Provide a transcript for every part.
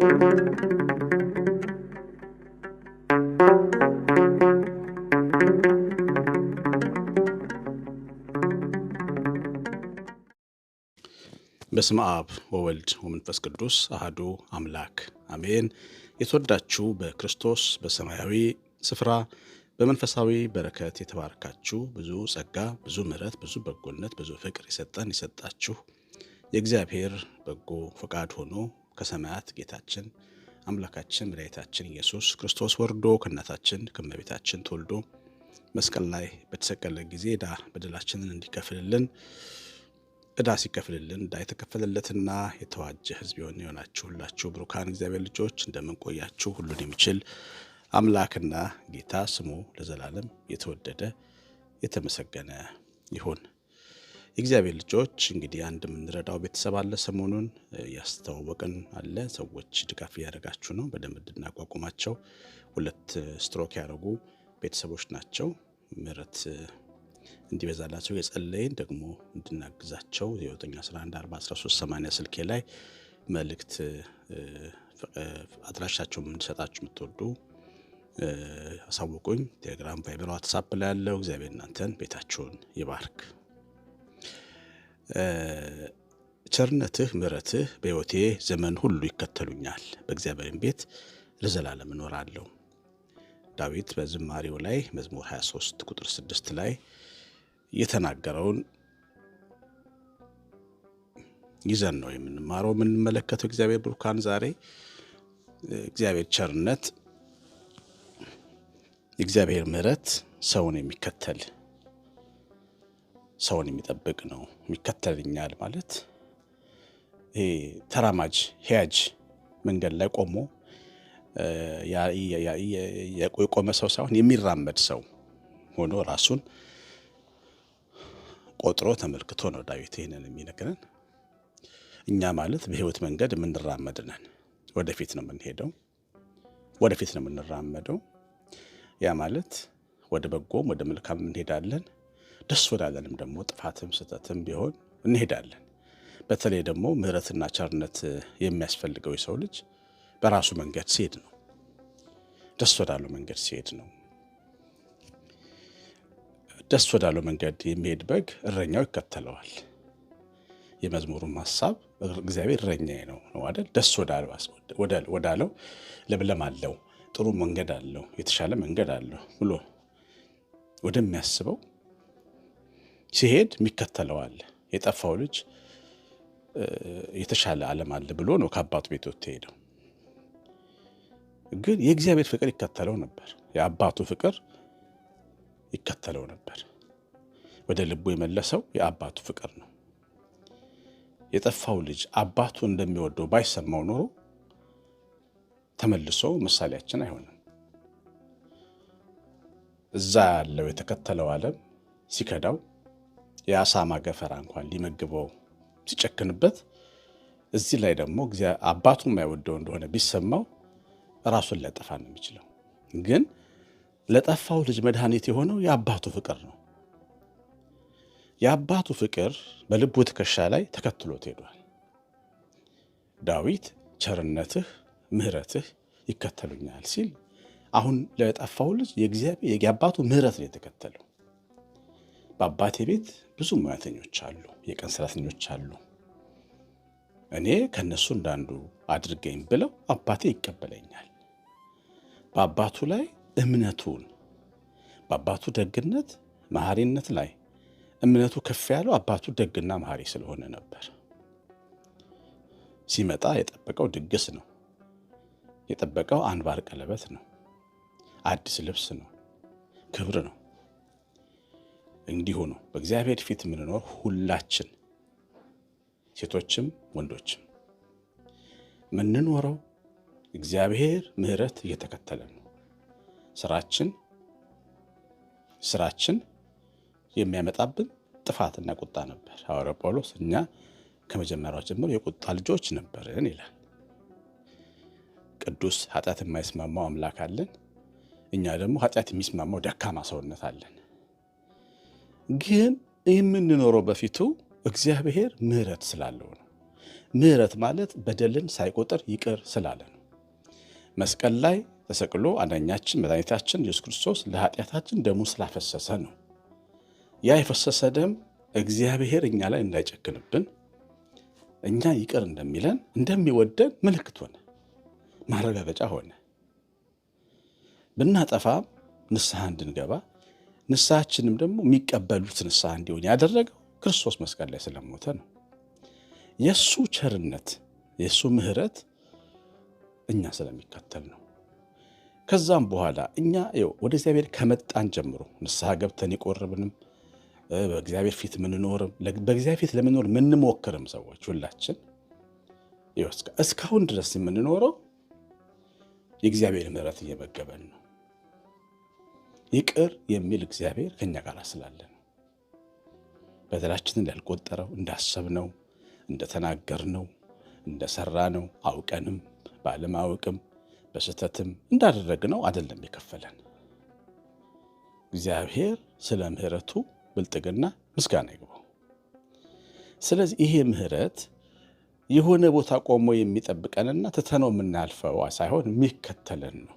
በስመ አብ ወወልድ ወመንፈስ ቅዱስ አህዱ አምላክ አሜን። የተወዳችሁ በክርስቶስ በሰማያዊ ስፍራ በመንፈሳዊ በረከት የተባረካችሁ ብዙ ጸጋ፣ ብዙ ምሕረት፣ ብዙ በጎነት፣ ብዙ ፍቅር የሰጠን የሰጣችሁ የእግዚአብሔር በጎ ፈቃድ ሆኖ ከሰማያት ጌታችን አምላካችን መድኃኒታችን ኢየሱስ ክርስቶስ ወርዶ ከእናታችን ከመቤታችን ተወልዶ መስቀል ላይ በተሰቀለ ጊዜ ዕዳ በደላችንን እንዲከፍልልን ዕዳ ሲከፍልልን ዕዳ የተከፈለለትና የተዋጀ ሕዝብ የሆነ የሆናችሁ ሁላችሁ ብሩካን እግዚአብሔር ልጆች እንደምንቆያችሁ ሁሉን የሚችል አምላክና ጌታ ስሙ ለዘላለም የተወደደ የተመሰገነ ይሁን። የእግዚአብሔር ልጆች እንግዲህ አንድ የምንረዳው ቤተሰብ አለ። ሰሞኑን ያስተዋወቅን አለ። ሰዎች ድጋፍ እያደረጋችሁ ነው። በደንብ እንድናቋቁማቸው ሁለት ስትሮክ ያደረጉ ቤተሰቦች ናቸው። ምሕረት እንዲበዛላቸው የጸለይን ደግሞ እንድናግዛቸው 9114138 ስልኬ ላይ መልእክት አድራሻቸው የምንሰጣችሁ የምትወዱ አሳውቁኝ። ቴሌግራም፣ ቫይበር፣ ዋትሳፕ ላይ ያለው እግዚአብሔር እናንተን ቤታችሁን ይባርክ። ቸርነትህ ምሕረትህ በሕይወቴ ዘመን ሁሉ ይከተሉኛል፣ በእግዚአብሔርም ቤት ለዘላለም እኖራለሁ። ዳዊት በዝማሬው ላይ መዝሙር 23 ቁጥር 6 ላይ የተናገረውን ይዘን ነው የምንማረው የምንመለከተው። እግዚአብሔር ብሩካን ዛሬ እግዚአብሔር ቸርነት፣ የእግዚአብሔር ምሕረት ሰውን የሚከተል ሰውን የሚጠብቅ ነው። የሚከተልኛል ማለት ተራማጅ ሄያጅ መንገድ ላይ ቆሞ የቆመ ሰው ሳይሆን የሚራመድ ሰው ሆኖ ራሱን ቆጥሮ ተመልክቶ ነው ዳዊት ይህንን የሚነግረን። እኛ ማለት በህይወት መንገድ የምንራመድ ነን። ወደፊት ነው የምንሄደው፣ ወደፊት ነው የምንራመደው። ያ ማለት ወደ በጎም ወደ መልካም እንሄዳለን። ደስ ወዳለንም ደግሞ ጥፋትም ስህተትም ቢሆን እንሄዳለን። በተለይ ደግሞ ምሕረትና ቸርነት የሚያስፈልገው የሰው ልጅ በራሱ መንገድ ሲሄድ ነው፣ ደስ ወዳለው መንገድ ሲሄድ ነው። ደስ ወዳለው መንገድ የሚሄድ በግ እረኛው ይከተለዋል። የመዝሙሩም ሀሳብ እግዚአብሔር እረኛዬ ነው ነው አይደል? ደስ ወዳለው ለምለም አለው፣ ጥሩ መንገድ አለው፣ የተሻለ መንገድ አለው ብሎ ወደሚያስበው ሲሄድ የሚከተለዋል የጠፋው ልጅ የተሻለ ዓለም አለ ብሎ ነው ከአባቱ ቤት ወጥቶ ሄደው። ግን የእግዚአብሔር ፍቅር ይከተለው ነበር። የአባቱ ፍቅር ይከተለው ነበር። ወደ ልቡ የመለሰው የአባቱ ፍቅር ነው። የጠፋው ልጅ አባቱ እንደሚወደው ባይሰማው ኖሮ ተመልሶ ምሳሌያችን አይሆንም። እዛ ያለው የተከተለው ዓለም ሲከዳው የአሳማ ገፈራ እንኳን ሊመግበው ሲጨክንበት፣ እዚህ ላይ ደግሞ አባቱ የማይወደው እንደሆነ ቢሰማው ራሱን ሊያጠፋ ነው የሚችለው። ግን ለጠፋው ልጅ መድኃኒት የሆነው የአባቱ ፍቅር ነው። የአባቱ ፍቅር በልቡ ትከሻ ላይ ተከትሎት ሄዷል። ዳዊት ቸርነትህ ምህረትህ ይከተሉኛል ሲል አሁን ለጠፋው ልጅ የአባቱ ምህረት ነው የተከተለው። በአባቴ ቤት ብዙ ሙያተኞች አሉ፣ የቀን ሰራተኞች አሉ። እኔ ከእነሱ እንዳንዱ አድርገኝ ብለው አባቴ ይቀበለኛል። በአባቱ ላይ እምነቱን በአባቱ ደግነት መሐሪነት ላይ እምነቱ ከፍ ያለው አባቱ ደግና መሐሪ ስለሆነ ነበር። ሲመጣ የጠበቀው ድግስ ነው። የጠበቀው አንባር ቀለበት ነው። አዲስ ልብስ ነው። ክብር ነው። እንዲሁ ነው በእግዚአብሔር ፊት የምንኖር ሁላችን ሴቶችም ወንዶችም የምንኖረው እግዚአብሔር ምሕረት እየተከተለ ነው። ስራችን ስራችን የሚያመጣብን ጥፋትና ቁጣ ነበር። ሐዋርያው ጳውሎስ እኛ ከመጀመሪያው ጀምሮ የቁጣ ልጆች ነበርን ይላል። ቅዱስ ኃጢአት የማይስማማው አምላክ አለን። እኛ ደግሞ ኃጢአት የሚስማማው ደካማ ሰውነት አለን። ግን የምንኖረው በፊቱ እግዚአብሔር ምሕረት ስላለው ነው። ምሕረት ማለት በደልን ሳይቆጥር ይቅር ስላለ ነው። መስቀል ላይ ተሰቅሎ አዳኛችን መድኃኒታችን ኢየሱስ ክርስቶስ ለኃጢአታችን ደሙ ስላፈሰሰ ነው። ያ የፈሰሰ ደም እግዚአብሔር እኛ ላይ እንዳይጨክንብን እኛ ይቅር እንደሚለን እንደሚወደን ምልክት ሆነ፣ ማረጋገጫ ሆነ። ብናጠፋም ንስሐ እንድንገባ ንስሐችንም ደግሞ የሚቀበሉት ንስሐ እንዲሆን ያደረገው ክርስቶስ መስቀል ላይ ስለሞተ ነው። የእሱ ቸርነት የእሱ ምሕረት እኛ ስለሚከተል ነው። ከዛም በኋላ እኛ ወደ እግዚአብሔር ከመጣን ጀምሮ ንስሐ ገብተን የቆርብንም በእግዚአብሔር ፊት ምንኖርም በእግዚአብሔር ፊት ለመኖር ምንሞክርም ሰዎች ሁላችን እስካሁን ድረስ የምንኖረው የእግዚአብሔር ምሕረት እየመገበን ነው። ይቅር የሚል እግዚአብሔር ከኛ ጋር ስላለን በደላችንን ያልቆጠረው እንዳሰብነው እንደተናገርነው እንደሰራነው አውቀንም ባለማወቅም በስህተትም እንዳደረግነው አይደለም የከፈለን። እግዚአብሔር ስለ ምሕረቱ ብልጥግና ምስጋና ይግባው። ስለዚህ ይሄ ምሕረት የሆነ ቦታ ቆሞ የሚጠብቀንና ትተነው የምናልፈው ሳይሆን የሚከተለን ነው።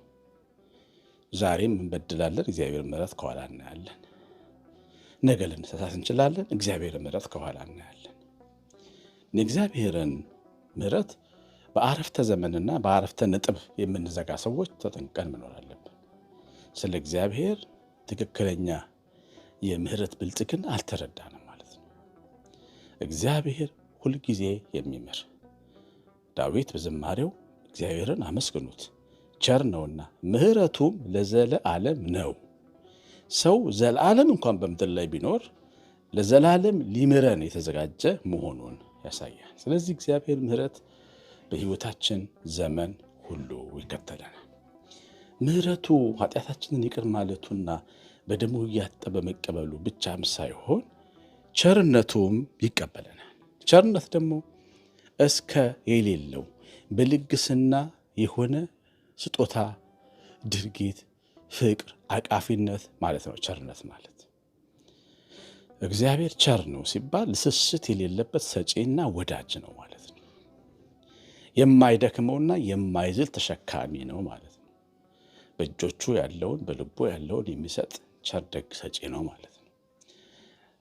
ዛሬም እንበድላለን፣ እግዚአብሔር ምሕረት ከኋላ እናያለን። ነገ ልንሳሳት እንችላለን፣ እግዚአብሔር ምሕረት ከኋላ እናያለን። የእግዚአብሔርን ምሕረት በአረፍተ ዘመንና በአረፍተ ነጥብ የምንዘጋ ሰዎች ተጠንቀን መኖር አለብን። ስለ እግዚአብሔር ትክክለኛ የምህረት ብልጽግና አልተረዳንም ማለት ነው። እግዚአብሔር ሁልጊዜ የሚምር ዳዊት በዝማሬው እግዚአብሔርን አመስግኑት ቸር ነውና ምሕረቱም ለዘለ ዓለም ነው። ሰው ዘለዓለም እንኳን በምድር ላይ ቢኖር ለዘላለም ሊምረን የተዘጋጀ መሆኑን ያሳያል። ስለዚህ እግዚአብሔር ምሕረት በሕይወታችን ዘመን ሁሉ ይከተለናል። ምሕረቱ ኃጢአታችንን ይቅር ማለቱና በደሙ እያጠበ መቀበሉ ብቻም ሳይሆን ቸርነቱም ይቀበለናል። ቸርነት ደግሞ እስከ የሌለው በልግስና የሆነ ስጦታ፣ ድርጊት፣ ፍቅር፣ አቃፊነት ማለት ነው። ቸርነት ማለት እግዚአብሔር ቸር ነው ሲባል ስስት የሌለበት ሰጪና ወዳጅ ነው ማለት ነው። የማይደክመውና የማይዝል ተሸካሚ ነው ማለት ነው። በእጆቹ ያለውን በልቦ ያለውን የሚሰጥ ቸር ደግ ሰጪ ነው ማለት ነው።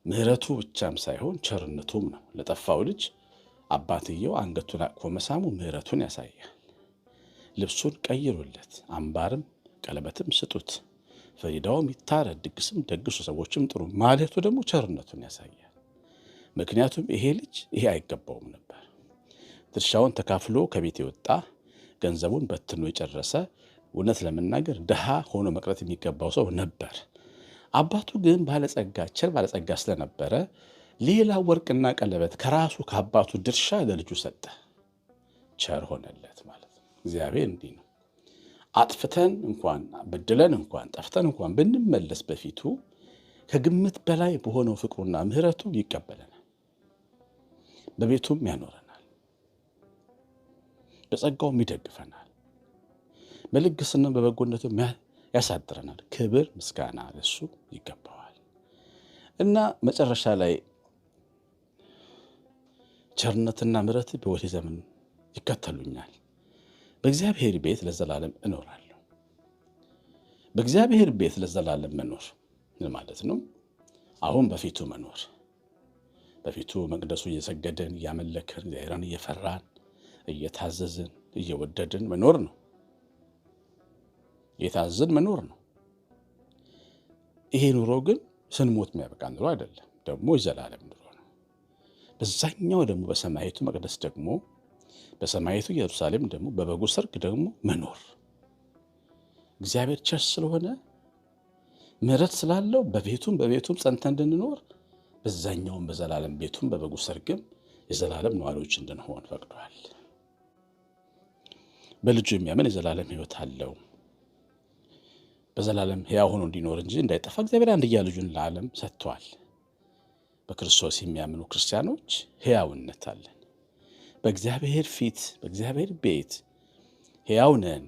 ምሕረቱ ብቻም ሳይሆን ቸርነቱም ነው። ለጠፋው ልጅ አባትየው አንገቱን አቅፎ መሳሙ ምሕረቱን ያሳያል። ልብሱን ቀይሩለት፣ አምባርም ቀለበትም ስጡት፣ ፈሪዳውም ይታረድ፣ ድግስም ደግሱ፣ ሰዎችም ጥሩ ማለቱ ደግሞ ቸርነቱን ያሳያል። ምክንያቱም ይሄ ልጅ ይሄ አይገባውም ነበር። ድርሻውን ተካፍሎ ከቤት የወጣ ገንዘቡን በትኖ የጨረሰ እውነት ለመናገር ድሃ ሆኖ መቅረት የሚገባው ሰው ነበር። አባቱ ግን ባለጸጋ ቸር ባለጸጋ ስለነበረ ሌላ ወርቅና ቀለበት ከራሱ ከአባቱ ድርሻ ለልጁ ሰጠ። ቸር ሆነለት ማለት እግዚአብሔር እንዲህ ነው። አጥፍተን እንኳን በድለን እንኳን ጠፍተን እንኳን ብንመለስ በፊቱ ከግምት በላይ በሆነው ፍቅሩና ምሕረቱ ይቀበለናል፣ በቤቱም ያኖረናል፣ በጸጋውም ይደግፈናል፣ በልግስና በበጎነቱም ያሳድረናል። ክብር ምስጋና ለሱ ይገባዋል እና መጨረሻ ላይ ቸርነትና ምሕረት በሕይወቴ ዘመን ይከተሉኛል በእግዚአብሔር ቤት ለዘላለም እኖራለሁ። በእግዚአብሔር ቤት ለዘላለም መኖር ማለት ነው። አሁን በፊቱ መኖር በፊቱ መቅደሱ እየሰገድን እያመለክን እግዚአብሔርን እየፈራን እየታዘዝን እየወደድን መኖር ነው። እየታዘዝን መኖር ነው። ይሄ ኑሮ ግን ስንሞት የሚያበቃ ኑሮ አይደለም፣ ደግሞ የዘላለም ኑሮ ነው። በዛኛው ደግሞ በሰማይቱ መቅደስ ደግሞ በሰማይቱ ኢየሩሳሌም ደግሞ በበጉ ሰርግ ደግሞ መኖር እግዚአብሔር ቸር ስለሆነ ምሕረት ስላለው በቤቱም በቤቱም ጸንተ እንድንኖር በዛኛውም በዘላለም ቤቱም በበጉ ሰርግም የዘላለም ነዋሪዎች እንድንሆን ፈቅዷል። በልጁ የሚያምን የዘላለም ሕይወት አለው። በዘላለም ሕያው ሆኖ እንዲኖር እንጂ እንዳይጠፋ እግዚአብሔር አንድያ ልጁን ለዓለም ሰጥቷል። በክርስቶስ የሚያምኑ ክርስቲያኖች ሕያውነት አለን። በእግዚአብሔር ፊት በእግዚአብሔር ቤት ሕያው ነን፣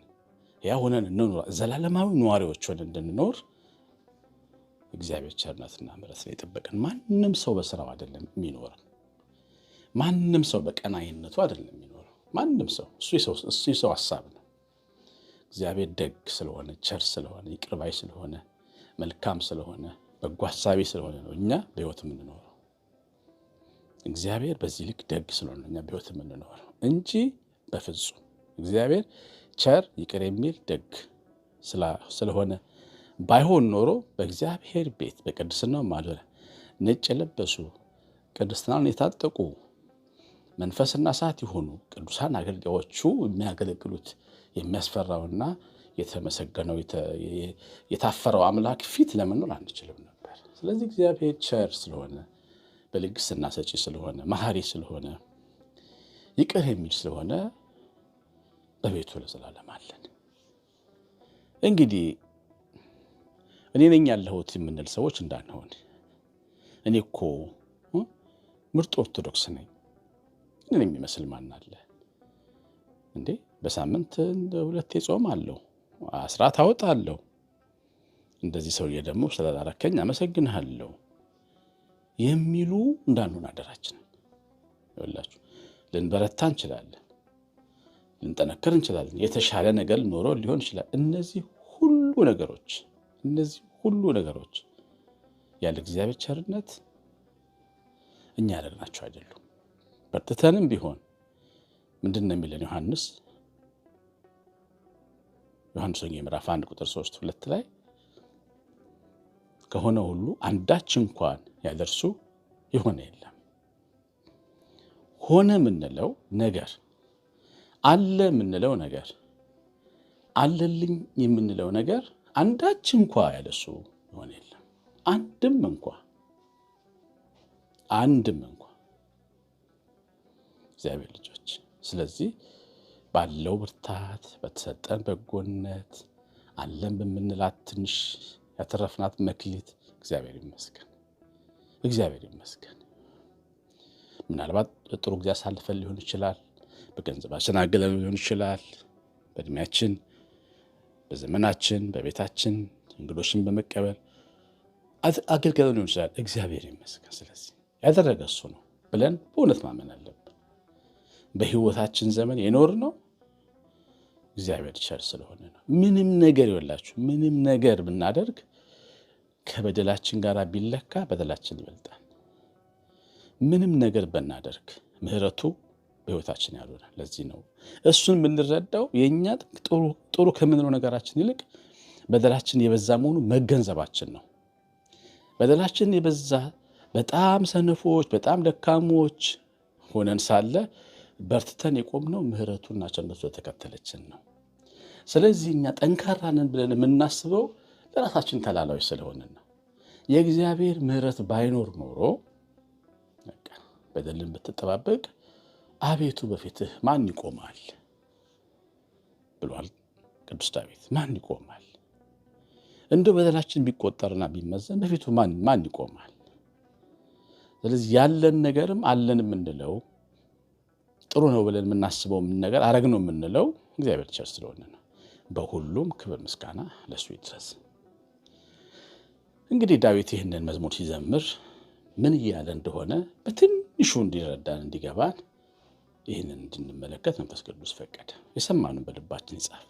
ሕያው ሆነን እንኖር፣ ዘላለማዊ ነዋሪዎች ሆነን እንድንኖር እግዚአብሔር ቸርነትና ምሕረት ነው የጠበቀን። ማንም ሰው በስራው አይደለም የሚኖረው። ማንም ሰው በቀናይነቱ አይደለም የሚኖረው። ማንም ሰው እሱ የሰው ሀሳብ ነው። እግዚአብሔር ደግ ስለሆነ፣ ቸር ስለሆነ፣ ይቅርባይ ስለሆነ፣ መልካም ስለሆነ፣ በጎ ሀሳቢ ስለሆነ ነው እኛ በህይወት የምንኖረው። እግዚአብሔር በዚህ ልክ ደግ ስለሆነ እኛ በሕይወት የምንኖረው እንጂ በፍጹም እግዚአብሔር ቸር ይቅር የሚል ደግ ስለሆነ ባይሆን ኖሮ በእግዚአብሔር ቤት በቅድስናው ማደሪያ ነጭ የለበሱ ቅድስናውን የታጠቁ መንፈስና ሰዓት የሆኑ ቅዱሳን አገልጋዮቹ የሚያገለግሉት የሚያስፈራውና የተመሰገነው የታፈረው አምላክ ፊት ለመኖር አንችልም ነበር። ስለዚህ እግዚአብሔር ቸር ስለሆነ በልግስና ሰጪ ስለሆነ መሐሪ ስለሆነ ይቅር የሚል ስለሆነ በቤቱ ለዘላለም አለን። እንግዲህ እኔ ነኝ ያለሁት የምንል ሰዎች እንዳንሆን። እኔ እኮ ምርጥ ኦርቶዶክስ ነኝ እኔን የሚመስል ማን አለ እንዴ? በሳምንት ሁለቴ ጾም አለው፣ አስራት አወጣ አለው። እንደዚህ ሰውዬ ደግሞ ስለላረከኝ አመሰግንሃለሁ የሚሉ እንዳንሆን አደራችን ይላችሁ። ልንበረታ እንችላለን፣ ልንጠነክር እንችላለን፣ የተሻለ ነገር ኖሮ ሊሆን ይችላል። እነዚህ ሁሉ ነገሮች እነዚህ ሁሉ ነገሮች ያለ እግዚአብሔር ቸርነት እኛ ያደረግናቸው አይደሉም። በርትተንም ቢሆን ምንድን ነው የሚለን ዮሐንስ ዮሐንስ ወንጌል ምዕራፍ አንድ ቁጥር ሶስት ሁለት ላይ ከሆነ ሁሉ አንዳች እንኳን ያለ እርሱ የሆነ የለም። ሆነ የምንለው ነገር አለ የምንለው ነገር አለልኝ የምንለው ነገር አንዳች እንኳ ያለሱ የሆነ የለም። አንድም እንኳ አንድም እንኳ እግዚአብሔር ልጆች። ስለዚህ ባለው ብርታት በተሰጠን በጎነት አለን በምንላት ትንሽ ያተረፍናት መክሊት እግዚአብሔር ይመስገን። እግዚአብሔር ይመስገን። ምናልባት በጥሩ ጊዜ አሳልፈን ሊሆን ይችላል። በገንዘባችን አግለን ሊሆን ይችላል። በእድሜያችን፣ በዘመናችን፣ በቤታችን እንግዶችን በመቀበል አገልግለን ሊሆን ይችላል። እግዚአብሔር ይመስገን። ስለዚህ ያደረገ እሱ ነው ብለን በእውነት ማመን አለብን። በህይወታችን ዘመን የኖር ነው እግዚአብሔር ቸር ስለሆነ ነው። ምንም ነገር ይወላችሁ ምንም ነገር ብናደርግ ከበደላችን ጋር ቢለካ በደላችን ይበልጣል። ምንም ነገር በናደርግ ምሕረቱ በህይወታችን ያሉናል። ለዚህ ነው እሱን የምንረዳው የእኛ ጥሩ ከምንለው ነገራችን ይልቅ በደላችን የበዛ መሆኑ መገንዘባችን ነው። በደላችን የበዛ በጣም ሰነፎች፣ በጣም ደካሞች ሆነን ሳለ በርትተን የቆምነው ምሕረቱና ቸርነቱ የተከተለችን ነው። ስለዚህ እኛ ጠንካራ ነን ብለን የምናስበው ለራሳችን ተላላዮች ስለሆንን ነው። የእግዚአብሔር ምሕረት ባይኖር ኖሮ በደልን ብትጠባበቅ አቤቱ በፊትህ ማን ይቆማል ብሏል ቅዱስ ዳዊት። ማን ይቆማል? እንደ በደላችን ቢቆጠርና ቢመዘን በፊቱ ማን ይቆማል? ስለዚህ ያለን ነገርም አለን የምንለው ጥሩ ነው ብለን የምናስበው ነገር አረግ ነው የምንለው እግዚአብሔር ቸር ስለሆነ ነው። በሁሉም ክብር ምስጋና ለእሱ ይድረስ። እንግዲህ ዳዊት ይህንን መዝሙር ሲዘምር ምን እያለ እንደሆነ በትንሹ እንዲረዳን እንዲገባን ይህንን እንድንመለከት መንፈስ ቅዱስ ፈቀደ። የሰማኑን በልባችን ይጻፍ።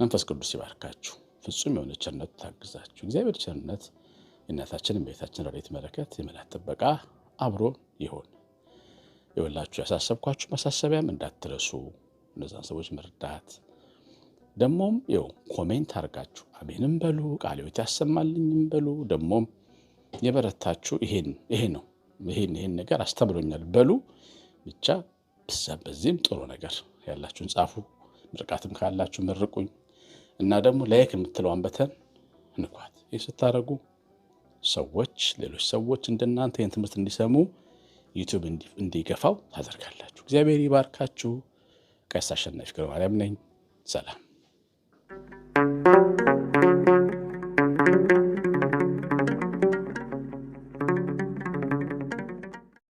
መንፈስ ቅዱስ ይባርካችሁ፣ ፍጹም የሆነ ቸርነት ታግዛችሁ። እግዚአብሔር ቸርነት የእናታችንን ቤታችን ረድኤት በረከት የመላት ጥበቃ አብሮ ይሆን። የወላችሁ ያሳሰብኳችሁ ማሳሰቢያም እንዳትረሱ እነዛን ሰዎች መርዳት ደግሞም ው ኮሜንት አድርጋችሁ አሜንም በሉ ቃሌዎት ያሰማልኝም በሉ ደግሞም የበረታችሁ ይሄ ነው ይሄን ይሄን ነገር አስተምሮኛል በሉ ብቻ ብዛ በዚህም ጥሩ ነገር ያላችሁን ጻፉ። ምርቃትም ካላችሁ መርቁኝ እና ደግሞ ላይክ የምትለዋን በተን እንኳት። ይህ ስታደረጉ ሰዎች ሌሎች ሰዎች እንደናንተ ይህን ትምህርት እንዲሰሙ ዩቱብ እንዲገፋው ታደርጋላችሁ። እግዚአብሔር ይባርካችሁ። ቀሲስ አሸናፊ ገብረማርያም ነኝ። ሰላም thank you